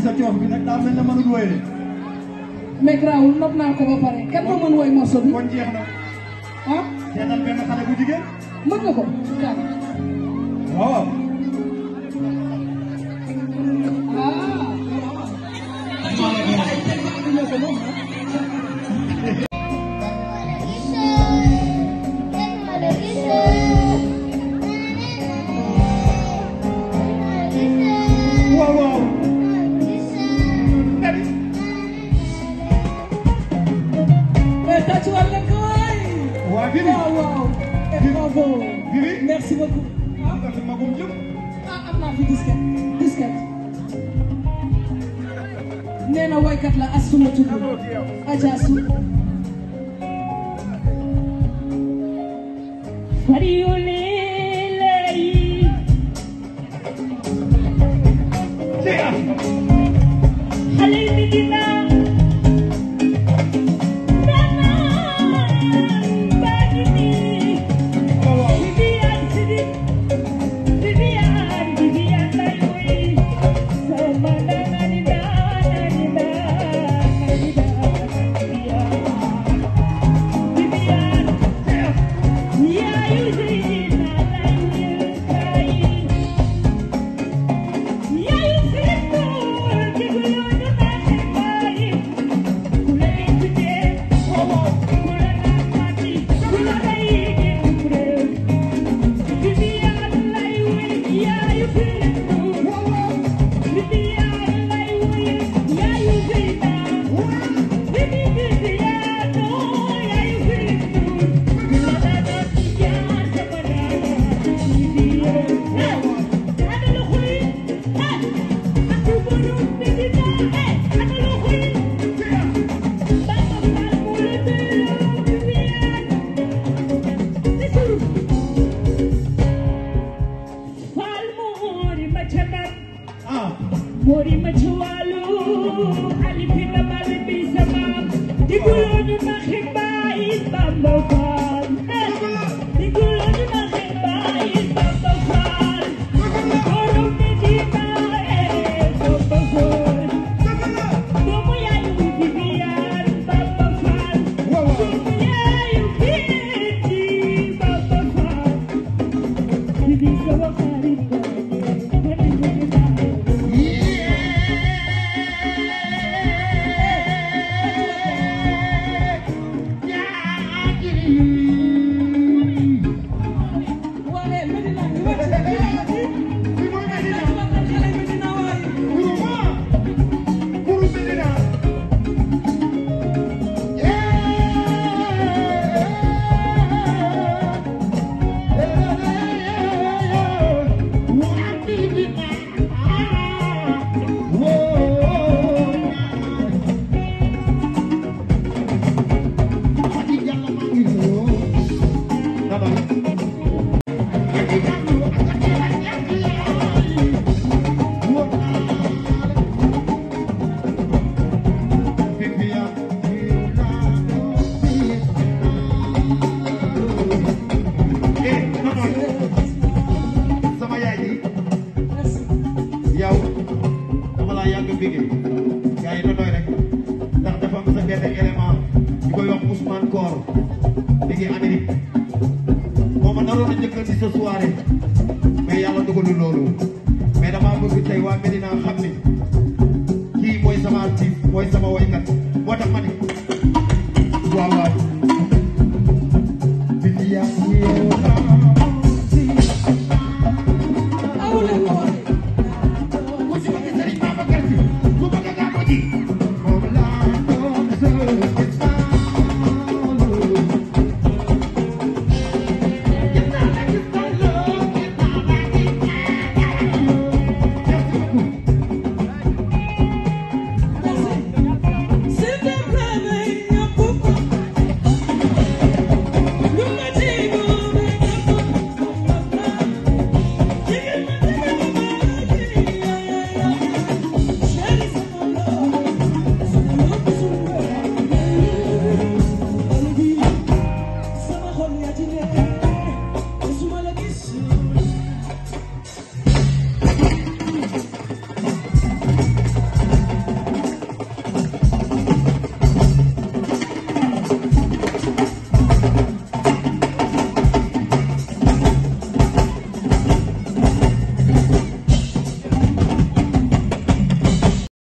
sa coof bi nag daa mel ne mënul woy de. mais grawul nopp naa ko ba pare kenn ma mën woy morceau bi. kon jeex na. ah. tey nag benn xale bu jigéen. mën nga ko. waaw. Oh. wàccuwaat nga ko waay. waa waaw waaw. bravo fi disket disket. nee na woykat la as su ma tudd Adja